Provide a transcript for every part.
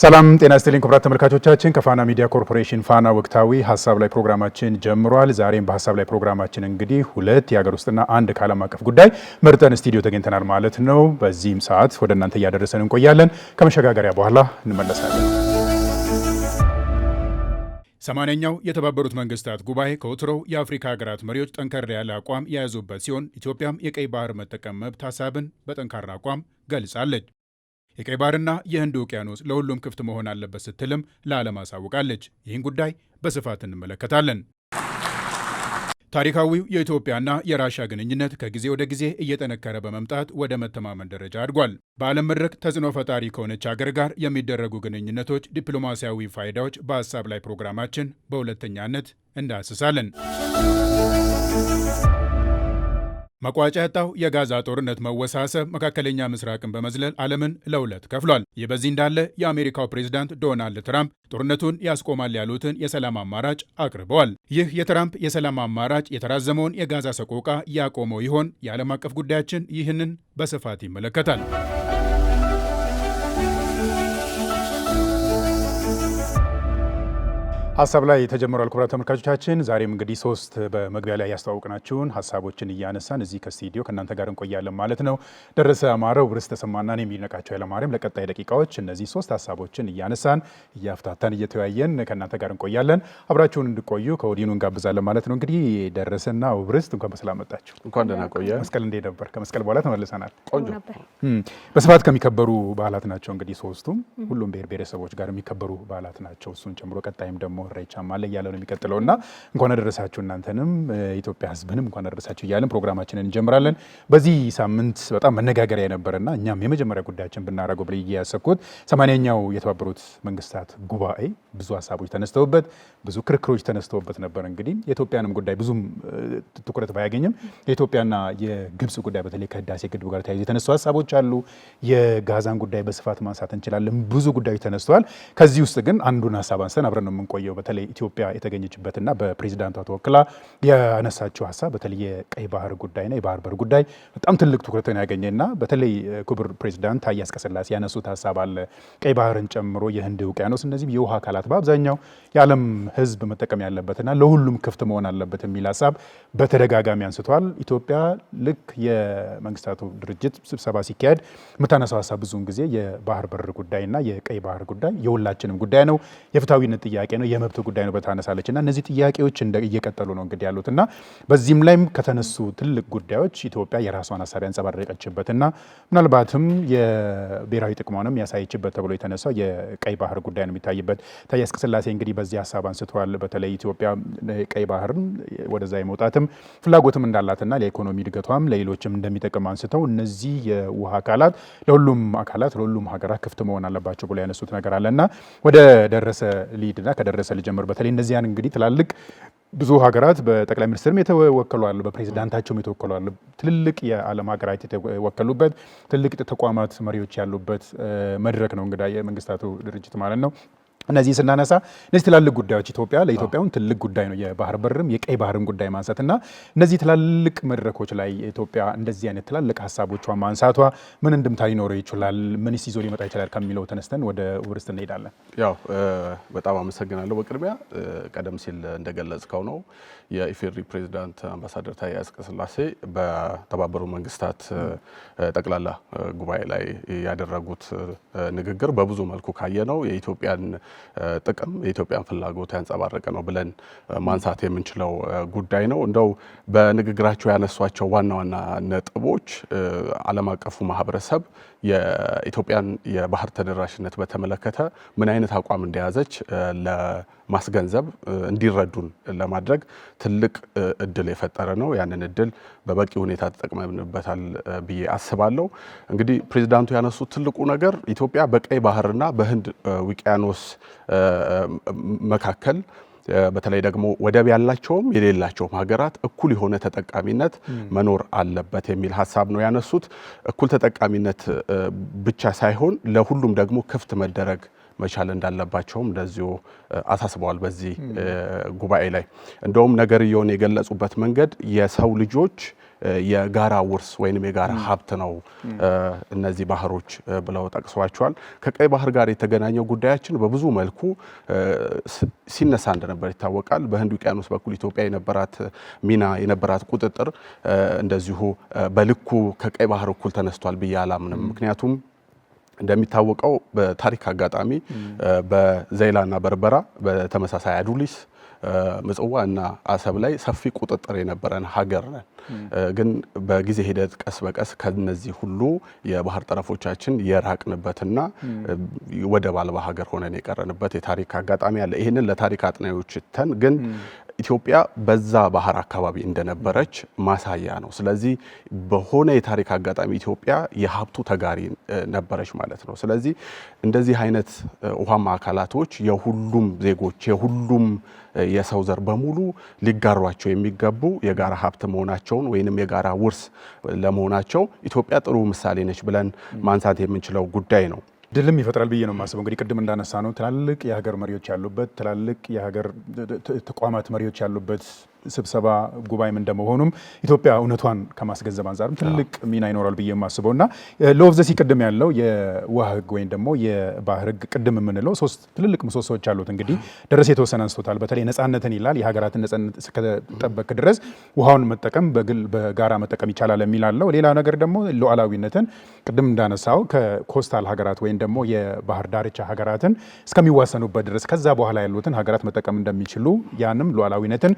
ሰላም ጤና ይስጥልኝ ክቡራት ተመልካቾቻችን ከፋና ሚዲያ ኮርፖሬሽን ፋና ወቅታዊ ሀሳብ ላይ ፕሮግራማችን ጀምሯል። ዛሬም በሀሳብ ላይ ፕሮግራማችን እንግዲህ ሁለት የሀገር ውስጥና አንድ ከዓለም አቀፍ ጉዳይ መርጠን ስቱዲዮ ተገኝተናል ማለት ነው። በዚህም ሰዓት ወደ እናንተ እያደረሰን እንቆያለን። ከመሸጋገሪያ በኋላ እንመለሳለን። ሰማንያኛው የተባበሩት መንግስታት ጉባኤ ከወትሮው የአፍሪካ ሀገራት መሪዎች ጠንከር ያለ አቋም የያዙበት ሲሆን ኢትዮጵያም የቀይ ባህር መጠቀም መብት ሀሳብን በጠንካራ አቋም ገልጻለች። የቀይ ባህርና የህንድ ውቅያኖስ ለሁሉም ክፍት መሆን አለበት ስትልም ለዓለም አሳውቃለች። ይህን ጉዳይ በስፋት እንመለከታለን። ታሪካዊው የኢትዮጵያና የራሻ ግንኙነት ከጊዜ ወደ ጊዜ እየጠነከረ በመምጣት ወደ መተማመን ደረጃ አድጓል። በዓለም መድረክ ተጽዕኖ ፈጣሪ ከሆነች ሀገር ጋር የሚደረጉ ግንኙነቶች ዲፕሎማሲያዊ ፋይዳዎች በሀሳብ ላይ ፕሮግራማችን በሁለተኛነት እንዳስሳለን። መቋጫ ያጣው የጋዛ ጦርነት መወሳሰብ መካከለኛ ምስራቅን በመዝለል ዓለምን ለሁለት ከፍሏል። ይህ በዚህ እንዳለ የአሜሪካው ፕሬዝዳንት ዶናልድ ትራምፕ ጦርነቱን ያስቆማል ያሉትን የሰላም አማራጭ አቅርበዋል። ይህ የትራምፕ የሰላም አማራጭ የተራዘመውን የጋዛ ሰቆቃ ያቆመው ይሆን? የዓለም አቀፍ ጉዳያችን ይህንን በስፋት ይመለከታል። ሀሳብ ላይ ተጀምሯል። ክቡራን ተመልካቾቻችን ዛሬም እንግዲህ ሶስት በመግቢያ ላይ ያስተዋወቅናችሁን ሀሳቦችን እያነሳን እዚህ ከስቱዲዮ ከእናንተ ጋር እንቆያለን ማለት ነው። ደረሰ አማረው፣ ብርስ ተሰማና እኔ የሚድነቃቸው ኃይለማርያም ለቀጣይ ደቂቃዎች እነዚህ ሶስት ሀሳቦችን እያነሳን እያፍታታን እየተወያየን ከእናንተ ጋር እንቆያለን። አብራችሁን እንድቆዩ ከወዲኑ እንጋብዛለን ማለት ነው። እንግዲህ ደረሰና ብርስት እንኳን በሰላም መጣችሁ። እንኳን ደህና ቆየ። መስቀል እንዴት ነበር? ከመስቀል በኋላ ተመልሰናል። ቆንጆ በስፋት ከሚከበሩ በዓላት ናቸው እንግዲህ ሶስቱም፣ ሁሉም ብሔር ብሔረሰቦች ጋር የሚከበሩ በዓላት ናቸው። እሱን ጨምሮ ቀጣይም ደግሞ ኢሬቻም አለ እያለ ነው የሚቀጥለው እና እንኳን አደረሳችሁ እናንተንም ኢትዮጵያ ሕዝብንም እንኳን አደረሳችሁ እያለን ፕሮግራማችንን እንጀምራለን። በዚህ ሳምንት በጣም መነጋገሪያ የነበረና እኛም የመጀመሪያ ጉዳያችን ብናደረገው ብዬ ያሰብኩት ሰማንያኛው የተባበሩት መንግስታት ጉባኤ ብዙ ሀሳቦች ተነስተውበት ብዙ ክርክሮች ተነስተውበት ነበር። እንግዲህ የኢትዮጵያንም ጉዳይ ብዙም ትኩረት ባያገኝም የኢትዮጵያና የግብጽ ጉዳይ በተለይ ከህዳሴ ግድቡ ጋር ተያይዘው የተነሱ ሀሳቦች አሉ። የጋዛን ጉዳይ በስፋት ማንሳት እንችላለን። ብዙ ጉዳዮች ተነስተዋል። ከዚህ ውስጥ ግን አንዱን ሀሳብ አንስተን አብረን ነው የምንቆየው። የዛሬው በተለይ ኢትዮጵያ የተገኘችበትና በፕሬዚዳንቷ ተወክላ ያነሳችው ሀሳብ በተለይ የቀይ ባህር ጉዳይና የባህር በር ጉዳይ በጣም ትልቅ ትኩረትን ያገኘና በተለይ ክቡር ፕሬዚዳንት ታዬ አጽቀሥላሴ ያነሱት ሀሳብ አለ። ቀይ ባህርን ጨምሮ የህንድ ውቅያኖስ፣ እነዚህም የውሃ አካላት በአብዛኛው የዓለም ህዝብ መጠቀም ያለበትና ለሁሉም ክፍት መሆን አለበት የሚል ሀሳብ በተደጋጋሚ አንስተዋል። ኢትዮጵያ ልክ የመንግስታቱ ድርጅት ስብሰባ ሲካሄድ የምታነሳው ሀሳብ ብዙውን ጊዜ የባህር በር ጉዳይና የቀይ ባህር ጉዳይ የሁላችንም ጉዳይ ነው፣ የፍትሐዊነት ጥያቄ ነው የመብት ጉዳይ ነው በታነሳለች እና እነዚህ ጥያቄዎች እየቀጠሉ ነው እንግዲህ ያሉት እና በዚህም ላይም ከተነሱ ትልቅ ጉዳዮች ኢትዮጵያ የራሷን ሀሳብ ያንጸባረቀችበት እና ምናልባትም የብሔራዊ ጥቅሟንም ያሳየችበት ተብሎ የተነሳው የቀይ ባህር ጉዳይ ነው የሚታይበት። ታዬ አጽቀሥላሴ እንግዲህ በዚህ ሀሳብ አንስተዋል። በተለይ ኢትዮጵያ ቀይ ባህርን ወደዛ የመውጣትም ፍላጎትም እንዳላትና ለኢኮኖሚ እድገቷም ለሌሎችም እንደሚጠቅም አንስተው እነዚህ የውሃ አካላት ለሁሉም አካላት ለሁሉም ሀገራት ክፍት መሆን አለባቸው ብሎ ያነሱት ነገር አለ እና ወደ ደረሰ ሊድና ከደረሰ ከእናንተ ልጀምር። በተለይ እነዚያን እንግዲህ ትላልቅ ብዙ ሀገራት በጠቅላይ ሚኒስትርም የተወከሏል፣ በፕሬዚዳንታቸውም የተወከሏል። ትልልቅ የዓለም ሀገራት የተወከሉበት ትልቅ ተቋማት መሪዎች ያሉበት መድረክ ነው እንግዳ የመንግስታቱ ድርጅት ማለት ነው። እነዚህ ስናነሳ እነዚህ ትላልቅ ጉዳዮች ኢትዮጵያ ለኢትዮጵያውን ትልቅ ጉዳይ ነው። የባህር በርም የቀይ ባህርም ጉዳይ ማንሳት እና እነዚህ ትላልቅ መድረኮች ላይ ኢትዮጵያ እንደዚህ አይነት ትላልቅ ሀሳቦቿ ማንሳቷ ምን እንድምታ ሊኖረው ይችላል፣ ምንስ ይዞ ሊመጣ ይችላል ከሚለው ተነስተን ወደ ውርስት እንሄዳለን። ያው በጣም አመሰግናለሁ። በቅድሚያ ቀደም ሲል እንደገለጽከው ነው የኢፌዴሪ ፕሬዚዳንት አምባሳደር ታዬ አጽቀሥላሴ በተባበሩ መንግስታት ጠቅላላ ጉባኤ ላይ ያደረጉት ንግግር በብዙ መልኩ ካየ ነው የኢትዮጵያን ጥቅም የኢትዮጵያን ፍላጎት ያንጸባረቀ ነው ብለን ማንሳት የምንችለው ጉዳይ ነው። እንደው በንግግራቸው ያነሷቸው ዋና ዋና ነጥቦች ዓለም አቀፉ ማህበረሰብ የኢትዮጵያን የባህር ተደራሽነት በተመለከተ ምን አይነት አቋም እንደያዘች ለማስገንዘብ እንዲረዱን ለማድረግ ትልቅ እድል የፈጠረ ነው። ያንን እድል በበቂ ሁኔታ ተጠቅመንበታል ብዬ አስባለሁ። እንግዲህ ፕሬዚዳንቱ ያነሱት ትልቁ ነገር ኢትዮጵያ በቀይ ባህርና በህንድ ውቅያኖስ መካከል በተለይ ደግሞ ወደብ ያላቸውም የሌላቸውም ሀገራት እኩል የሆነ ተጠቃሚነት መኖር አለበት የሚል ሀሳብ ነው ያነሱት። እኩል ተጠቃሚነት ብቻ ሳይሆን ለሁሉም ደግሞ ክፍት መደረግ መቻል እንዳለባቸውም እንደዚሁ አሳስበዋል። በዚህ ጉባኤ ላይ እንደውም ነገርየውን የገለጹበት መንገድ የሰው ልጆች የጋራ ውርስ ወይንም የጋራ ሀብት ነው እነዚህ ባህሮች ብለው ጠቅሰዋቸዋል። ከቀይ ባህር ጋር የተገናኘው ጉዳያችን በብዙ መልኩ ሲነሳ እንደነበር ይታወቃል። በህንድ ውቅያኖስ በኩል ኢትዮጵያ የነበራት ሚና የነበራት ቁጥጥር እንደዚሁ በልኩ ከቀይ ባህር እኩል ተነስቷል ብዬ አላምንም። ምክንያቱም እንደሚታወቀው በታሪክ አጋጣሚ በዘይላና በርበራ በተመሳሳይ አዱሊስ ምጽዋ እና አሰብ ላይ ሰፊ ቁጥጥር የነበረን ሀገር ነን። ግን በጊዜ ሂደት ቀስ በቀስ ከነዚህ ሁሉ የባህር ጠረፎቻችን የራቅንበትና ወደብ አልባ ሀገር ሆነን የቀረንበት የታሪክ አጋጣሚ አለ። ይህንን ለታሪክ አጥናዮች ተን ግን ኢትዮጵያ በዛ ባህር አካባቢ እንደነበረች ማሳያ ነው። ስለዚህ በሆነ የታሪክ አጋጣሚ ኢትዮጵያ የሀብቱ ተጋሪ ነበረች ማለት ነው። ስለዚህ እንደዚህ አይነት ውሃማ አካላቶች የሁሉም ዜጎች የሁሉም የሰው ዘር በሙሉ ሊጋሯቸው የሚገቡ የጋራ ሀብት መሆናቸውን ወይንም የጋራ ውርስ ለመሆናቸው ኢትዮጵያ ጥሩ ምሳሌ ነች ብለን ማንሳት የምንችለው ጉዳይ ነው። ድልም ይፈጥራል ብዬ ነው የማስበው። እንግዲህ ቅድም እንዳነሳ ነው ትላልቅ የሀገር መሪዎች ያሉበት ትላልቅ የሀገር ተቋማት መሪዎች ያሉበት ስብሰባ ጉባኤም እንደመሆኑም ኢትዮጵያ እውነቷን ከማስገንዘብ አንጻርም ትልቅ ሚና ይኖራል ብዬ የማስበው እና ሎቭ ቅድም ያለው የውሃ ህግ ወይም ደግሞ የባህር ህግ ቅድም የምንለው ሶስት ትልልቅ ምሰሶዎች አሉት። እንግዲህ ደረሰ የተወሰነ አንስቶታል። በተለይ ነጻነትን ይላል። የሀገራትን ነጻነት እስከተጠበቅ ድረስ ውሃውን መጠቀም በግል በጋራ መጠቀም ይቻላል የሚል አለው። ሌላ ነገር ደግሞ ሉዓላዊነትን ቅድም እንዳነሳው ከኮስታል ሀገራት ወይም ደግሞ የባህር ዳርቻ ሀገራትን እስከሚዋሰኑበት ድረስ ከዛ በኋላ ያሉትን ሀገራት መጠቀም እንደሚችሉ ያንም ሉዓላዊነትን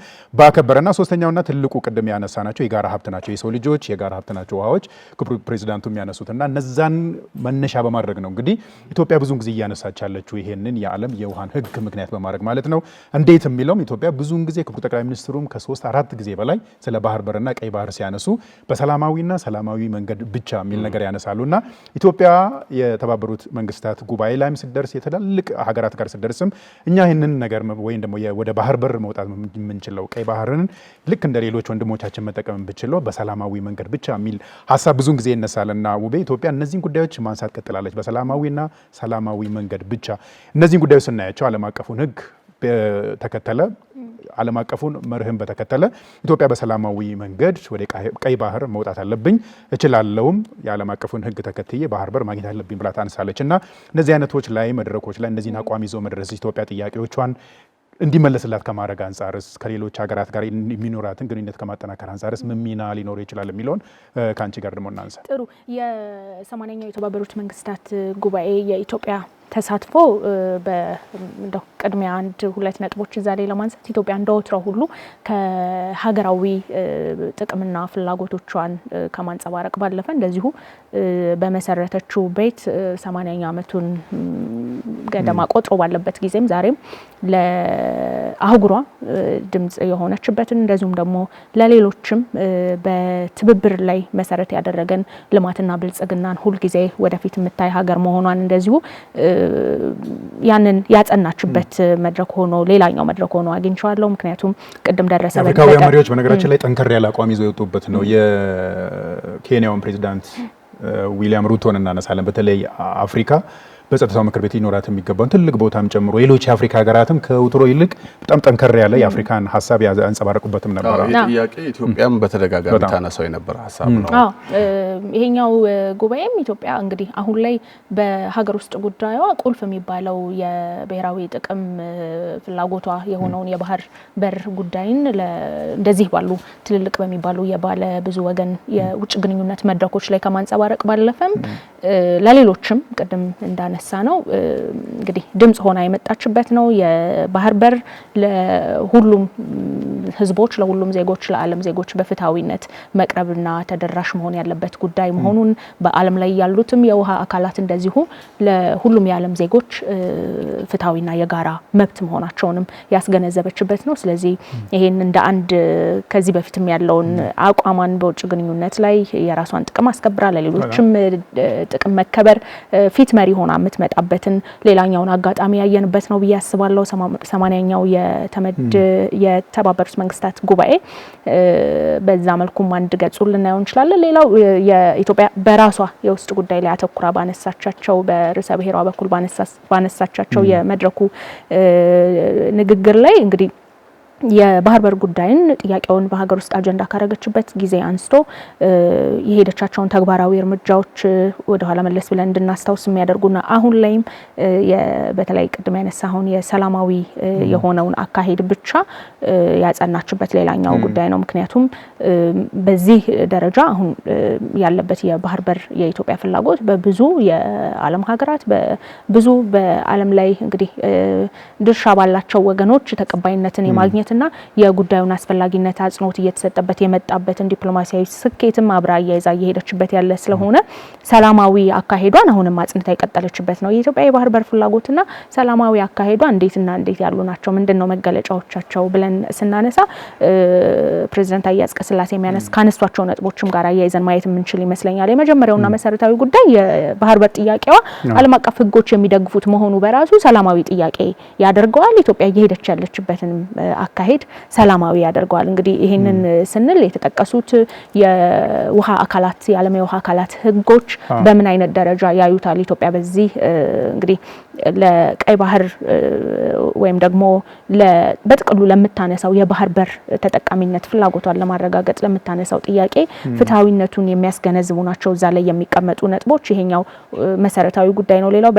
ማከበረና ሶስተኛውና ትልቁ ቅድም ያነሳ ናቸው የጋራ ሀብት ናቸው የሰው ልጆች የጋራ ሀብት ናቸው ውሃዎች ክቡር ፕሬዚዳንቱ እና እነዛን መነሻ በማድረግ ነው እንግዲህ ኢትዮጵያ ብዙን ጊዜ እያነሳች ያለችው ይሄንን የዓለም የውሃን ህግ ምክንያት በማድረግ ማለት ነው። እንዴት የሚለውም ኢትዮጵያ ብዙን ጊዜ ክቡር ጠቅላይ ሚኒስትሩም ከሶስት አራት ጊዜ በላይ ስለ ባህር በርና ቀይ ባህር ሲያነሱ በሰላማዊና ሰላማዊ መንገድ ብቻ የሚል ነገር ያነሳሉና ኢትዮጵያ የተባበሩት መንግስታት ጉባኤ ላይም ስደርስ የተላልቅ ሀገራት ጋር ስደርስም እኛ ይህንን ነገር ወይም ደግሞ ወደ ባህር በር መውጣት የምንችለው ቀይ ባህር ባህርን ልክ እንደ ሌሎች ወንድሞቻችን መጠቀም ብችለው በሰላማዊ መንገድ ብቻ የሚል ሀሳብ ብዙን ጊዜ ይነሳል ውቤ ኢትዮጵያ እነዚህን ጉዳዮች ማንሳት ቀጥላለች። በሰላማዊና ሰላማዊ መንገድ ብቻ እነዚህን ጉዳዮች ስናያቸው ዓለም አቀፉን ሕግ ተከተለ ዓለም አቀፉን መርህን በተከተለ ኢትዮጵያ በሰላማዊ መንገድ ወደ ቀይ ባህር መውጣት አለብኝ እችላለሁም የዓለም አቀፉን ህግ ተከትዬ ባህር በር ማግኘት አለብኝ ብላ ታነሳለች እና እነዚህ አይነቶች ላይ መድረኮች ላይ እነዚህን አቋም ይዞ መድረስ ኢትዮጵያ ጥያቄዎቿን እንዲመለስላት ከማድረግ አንጻርስ ከሌሎች ሀገራት ጋር የሚኖራትን ግንኙነት ከማጠናከር አንጻርስ ምን ሚና ሊኖር ይችላል የሚለውን ከአንቺ ጋር ደግሞ እናንሰ ጥሩ የሰማንያኛው የተባበሩት መንግስታት ጉባኤ የኢትዮጵያ ተሳትፎ እንደው ቅድሚያ አንድ ሁለት ነጥቦች እዛ ላይ ለማንሳት ኢትዮጵያ እንደ ወትሮ ሁሉ ከሀገራዊ ጥቅምና ፍላጎቶቿን ከማንጸባረቅ ባለፈ እንደዚሁ በመሰረተችው ቤት ሰማንያኛ ዓመቱን ገደማ ቆጥሮ ባለበት ጊዜም ዛሬም ለአህጉሯ ድምጽ የሆነችበትን እንደዚሁም ደግሞ ለሌሎችም በትብብር ላይ መሰረት ያደረገን ልማትና ብልጽግናን ሁልጊዜ ወደፊት የምታይ ሀገር መሆኗን እንደዚሁ ያንን ያጸናችበት መድረክ ሆኖ ሌላኛው መድረክ ሆኖ አግኝቸዋለሁ ምክንያቱም ቅድም ደረሰ አፍሪካውያን መሪዎች በነገራችን ላይ ጠንከር ያለ አቋም ይዘው የወጡበት ነው። የኬንያውን ፕሬዚዳንት ዊሊያም ሩቶን እናነሳለን። በተለይ አፍሪካ በጸጥታው ምክር ቤት ሊኖራት የሚገባውን ትልቅ ቦታም ጨምሮ ሌሎች የአፍሪካ ሀገራትም ከውትሮ ይልቅ በጣም ጠንከር ያለ የአፍሪካን ሀሳብ ያንጸባረቁበትም ነበረ። ጥያቄ ኢትዮጵያም በተደጋጋሚ ታነሳው የነበረ ሀሳብ ነው። ይሄኛው ጉባኤም ኢትዮጵያ እንግዲህ አሁን ላይ በሀገር ውስጥ ጉዳዩ ቁልፍ የሚባለው የብሔራዊ ጥቅም ፍላጎቷ የሆነውን የባህር በር ጉዳይን እንደዚህ ባሉ ትልልቅ በሚባሉ የባለ ብዙ ወገን የውጭ ግንኙነት መድረኮች ላይ ከማንጸባረቅ ባለፈም ለሌሎችም ቅድም እንዳ ያነሳ ነው እንግዲህ ድምጽ ሆና የመጣችበት ነው። የባህር በር ለሁሉም ህዝቦች ለሁሉም ዜጎች ለዓለም ዜጎች በፍትሐዊነት መቅረብና ተደራሽ መሆን ያለበት ጉዳይ መሆኑን በዓለም ላይ ያሉትም የውሃ አካላት እንደዚሁ ለሁሉም የዓለም ዜጎች ፍትሐዊና የጋራ መብት መሆናቸውንም ያስገነዘበችበት ነው። ስለዚህ ይሄን እንደ አንድ ከዚህ በፊትም ያለውን አቋሟን በውጭ ግንኙነት ላይ የራሷን ጥቅም አስከብራ ለሌሎችም ጥቅም መከበር ፊት መሪ ሆና የምትመጣበትን ሌላኛውን አጋጣሚ ያየንበት ነው ብዬ አስባለሁ። ሰማንያኛው የተመድ የተባበሩት መንግስታት ጉባኤ በዛ መልኩም አንድ ገጹ ልናየው እንችላለን። ሌላው የኢትዮጵያ በራሷ የውስጥ ጉዳይ ላይ አተኩራ ባነሳቻቸው በርዕሰ ብሔሯ በኩል ባነሳቻቸው የመድረኩ ንግግር ላይ እንግዲህ የባህር በር ጉዳይን ጥያቄውን በሀገር ውስጥ አጀንዳ ካረገችበት ጊዜ አንስቶ የሄደቻቸውን ተግባራዊ እርምጃዎች ወደኋላ መለስ ብለን እንድናስታውስ የሚያደርጉና አሁን ላይም በተለይ ቅድም ያነሳሁን የሰላማዊ የሆነውን አካሄድ ብቻ ያጸናችበት ሌላኛው ጉዳይ ነው። ምክንያቱም በዚህ ደረጃ አሁን ያለበት የባህር በር የኢትዮጵያ ፍላጎት በብዙ የዓለም ሀገራት በብዙ በዓለም ላይ እንግዲህ ድርሻ ባላቸው ወገኖች ተቀባይነትን የማግኘት መወያየትና የጉዳዩን አስፈላጊነት አጽንኦት እየተሰጠበት የመጣበትን ዲፕሎማሲያዊ ስኬትም አብራ አያይዛ እየሄደችበት ያለ ስለሆነ ሰላማዊ አካሄዷን አሁንም አጽንታ የቀጠለችበት ነው። የኢትዮጵያ የባህር በር ፍላጎትና ሰላማዊ አካሄዷ እንዴትና እንዴት ያሉ ናቸው? ምንድን ነው መገለጫዎቻቸው ብለን ስናነሳ ፕሬዚደንት አያዝ ስላሴ የሚያነስ ካነሷቸው ነጥቦችም ጋር አያይዘን ማየት የምንችል ይመስለኛል። የመጀመሪያውና መሰረታዊ ጉዳይ የባህር በር ጥያቄዋ ዓለም አቀፍ ሕጎች የሚደግፉት መሆኑ በራሱ ሰላማዊ ጥያቄ ያደርገዋል። ኢትዮጵያ እየሄደች ያለችበትን አካሄድ ሰላማዊ ያደርገዋል። እንግዲህ ይህንን ስንል የተጠቀሱት የውሃ አካላት የዓለም የውሃ አካላት ህጎች በምን አይነት ደረጃ ያዩታል ኢትዮጵያ በዚህ እንግዲህ ለቀይ ባህር ወይም ደግሞ በጥቅሉ ለምታነሳው የባህር በር ተጠቃሚነት ፍላጎቷን ለማረጋገጥ ለምታነሳው ጥያቄ ፍትሐዊነቱን የሚያስገነዝቡ ናቸው እዛ ላይ የሚቀመጡ ነጥቦች። ይሄኛው መሰረታዊ ጉዳይ ነው። ሌላው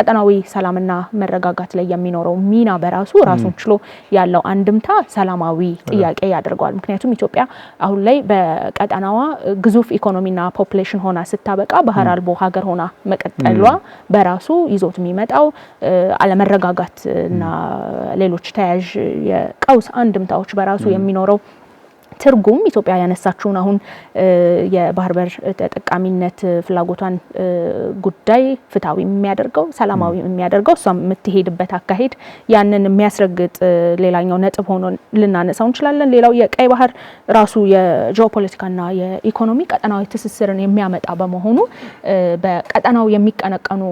ቀጠናዊ ሰላምና መረጋጋት ላይ የሚኖረው ሚና በራሱ ራሱን ችሎ ያለው አንድምታ ሰላማዊ ጥያቄ ያደርገዋል። ምክንያቱም ኢትዮጵያ አሁን ላይ በቀጠናዋ ግዙፍ ኢኮኖሚና ፖፕሌሽን ሆና ስታበቃ ባህር አልቦ ሀገር ሆና መቀጠሏ በራሱ ይዞት የሚመጣው አለመረጋጋትና ሌሎች ተያያዥ የቀውስ አንድምታዎች በራሱ የሚኖረው ትርጉም ኢትዮጵያ ያነሳችውን አሁን የባህር በር ተጠቃሚነት ፍላጎቷን ጉዳይ ፍትሐዊ የሚያደርገው ሰላማዊ የሚያደርገው እሷ የምትሄድበት አካሄድ ያንን የሚያስረግጥ ሌላኛው ነጥብ ሆኖ ልናነሳው እንችላለን። ሌላው የቀይ ባህር ራሱ የጂኦፖለቲካና የኢኮኖሚ ቀጠናዊ ትስስርን የሚያመጣ በመሆኑ በቀጠናው የሚቀነቀኑ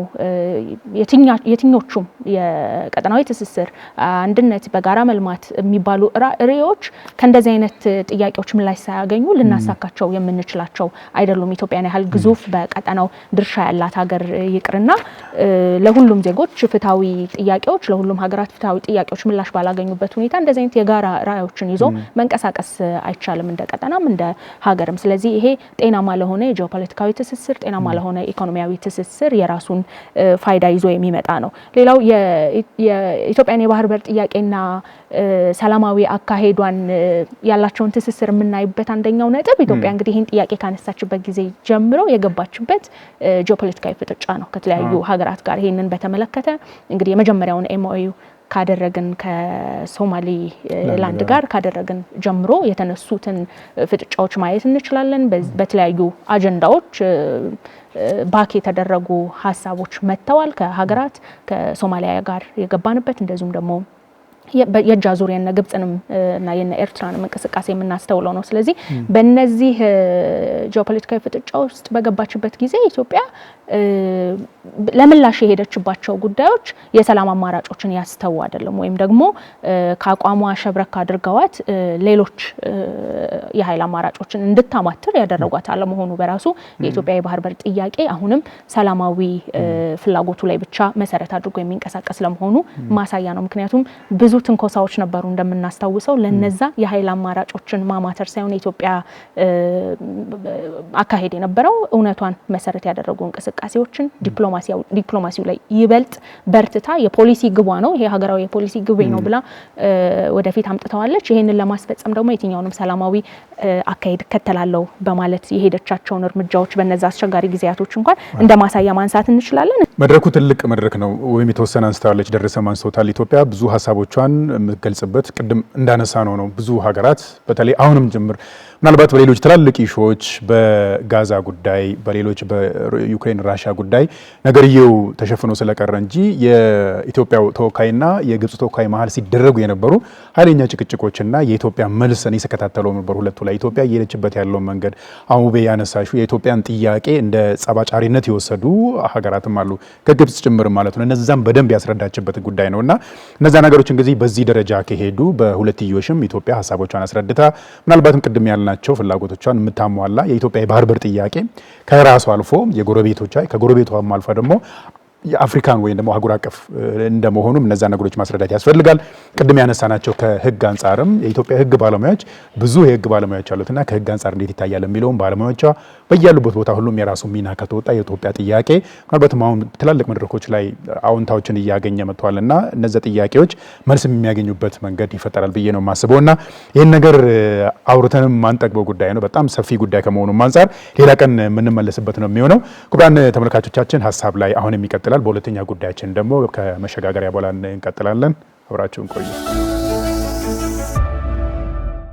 የትኞቹም የቀጠናዊ ትስስር አንድነት፣ በጋራ መልማት የሚባሉ ሬዎች ከእንደዚህ አይነት ጥያቄዎች ምላሽ ሳያገኙ ልናሳካቸው የምንችላቸው አይደሉም። ኢትዮጵያን ያህል ግዙፍ በቀጠናው ድርሻ ያላት ሀገር ይቅርና ለሁሉም ዜጎች ፍትሐዊ ጥያቄዎች፣ ለሁሉም ሀገራት ፍትሐዊ ጥያቄዎች ምላሽ ባላገኙበት ሁኔታ እንደዚህ አይነት የጋራ ራዕዮችን ይዞ መንቀሳቀስ አይቻልም፣ እንደ ቀጠናም እንደ ሀገርም። ስለዚህ ይሄ ጤናማ ለሆነ የጂኦፖለቲካዊ ትስስር፣ ጤናማ ለሆነ ኢኮኖሚያዊ ትስስር የራሱን ፋይዳ ይዞ የሚመጣ ነው። ሌላው የኢትዮጵያን የባህር በር ጥያቄና ሰላማዊ አካሄዷን ያላቸውን ትስስር ትስስር የምናይበት አንደኛው ነጥብ ኢትዮጵያ እንግዲህ ይህን ጥያቄ ካነሳችበት ጊዜ ጀምሮ የገባችበት ጂኦፖለቲካዊ ፍጥጫ ነው ከተለያዩ ሀገራት ጋር። ይህንን በተመለከተ እንግዲህ የመጀመሪያውን ኤምኦዩ ካደረግን ከሶማሊ ላንድ ጋር ካደረግን ጀምሮ የተነሱትን ፍጥጫዎች ማየት እንችላለን። በተለያዩ አጀንዳዎች ባክ የተደረጉ ሀሳቦች መጥተዋል። ከሀገራት ከሶማሊያ ጋር የገባንበት እንደዚሁም ደግሞ የእጅ አዙር የነ ግብጽንም እና የነ ኤርትራንም እንቅስቃሴ የምናስተውለው ነው። ስለዚህ በእነዚህ ጂኦፖለቲካዊ ፍጥጫ ውስጥ በገባችበት ጊዜ ኢትዮጵያ ለምላሽ የሄደችባቸው ጉዳዮች የሰላም አማራጮችን ያስተው አይደለም ወይም ደግሞ ከአቋሟ ሸብረክ አድርገዋት ሌሎች የኃይል አማራጮችን እንድታማትር ያደረጓት አለመሆኑ በራሱ የኢትዮጵያ የባህር በር ጥያቄ አሁንም ሰላማዊ ፍላጎቱ ላይ ብቻ መሰረት አድርጎ የሚንቀሳቀስ ለመሆኑ ማሳያ ነው። ምክንያቱም ብዙ ትንኮሳዎች ነበሩ እንደምናስታውሰው። ለነዛ የኃይል አማራጮችን ማማተር ሳይሆን የኢትዮጵያ አካሄድ የነበረው እውነቷን መሰረት ያደረጉ እንቅስቃሴዎችን ዲፕሎማሲው ላይ ይበልጥ በርትታ የፖሊሲ ግቧ ነው ይሄ ሀገራዊ የፖሊሲ ግቤ ነው ብላ ወደፊት አምጥተዋለች። ይህንን ለማስፈጸም ደግሞ የትኛውንም ሰላማዊ አካሄድ እከተላለሁ በማለት የሄደቻቸውን እርምጃዎች በነዛ አስቸጋሪ ጊዜያቶች እንኳን እንደ ማሳያ ማንሳት እንችላለን። መድረኩ ትልቅ መድረክ ነው ወይም የተወሰነ አንስተዋለች ደረሰ ማንስተውታል ኢትዮጵያ ብዙ ሀሳቦቿ መሆናቸዋን የምትገልጽበት ቅድም እንዳነሳ ነው ነው ብዙ ሀገራት በተለይ አሁንም ጅምር ምናልባት በሌሎች ትላልቅ ኢሾዎች በጋዛ ጉዳይ፣ በሌሎች በዩክሬን ራሻ ጉዳይ ነገርየው ተሸፍኖ ስለቀረ እንጂ የኢትዮጵያው ተወካይና የግብፅ ተወካይ መሀል ሲደረጉ የነበሩ ኃይለኛ ጭቅጭቆችና የኢትዮጵያ መልስ እኔ ስከታተለው ነበር። ሁለቱ ላይ ኢትዮጵያ እየሄደችበት ያለውን መንገድ አሙቤ ያነሳሹ የኢትዮጵያን ጥያቄ እንደ ጸባጫሪነት የወሰዱ ሀገራትም አሉ፣ ከግብፅ ጭምር ማለት ነው። እነዛም በደንብ ያስረዳችበት ጉዳይ ነው እና እነዛ ነገሮች እንግዲህ በዚህ ደረጃ ከሄዱ በሁለትዮሽም ኢትዮጵያ ሀሳቦቿን አስረድታ ምናልባትም ቅድም ያልነ ያልናቸው ፍላጎቶቿን የምታሟላ የኢትዮጵያ የባህር በር ጥያቄ ከራሱ አልፎ የጎረቤቶቿ ከጎረቤቷም አልፎ ደግሞ የአፍሪካን ወይም ደግሞ አህጉር አቀፍ እንደመሆኑም እነዛ ነገሮች ማስረዳት ያስፈልጋል። ቅድም ያነሳናቸው ከህግ አንጻርም የኢትዮጵያ ህግ ባለሙያዎች ብዙ የህግ ባለሙያዎች አሉትና ከህግ አንጻር እንዴት ይታያል የሚለውም ባለሙያዎቿ በያሉበት ቦታ ሁሉም የራሱ ሚና ከተወጣ የኢትዮጵያ ጥያቄ ምናልባትም አሁን ትላልቅ መድረኮች ላይ አዎንታዎችን እያገኘ መጥተዋል እና እነዚ ጥያቄዎች መልስ የሚያገኙበት መንገድ ይፈጠራል ብዬ ነው የማስበው እና ይህን ነገር አውርተንም ማንጠግበው ጉዳይ ነው። በጣም ሰፊ ጉዳይ ከመሆኑም አንጻር ሌላ ቀን የምንመለስበት ነው የሚሆነው። ክቡራን ተመልካቾቻችን ሀሳብ ላይ አሁን የሚቀጥላል ይሆናል። በሁለተኛ ጉዳያችን ደግሞ ከመሸጋገሪያ በኋላ እንቀጥላለን። አብራችሁን ቆዩ።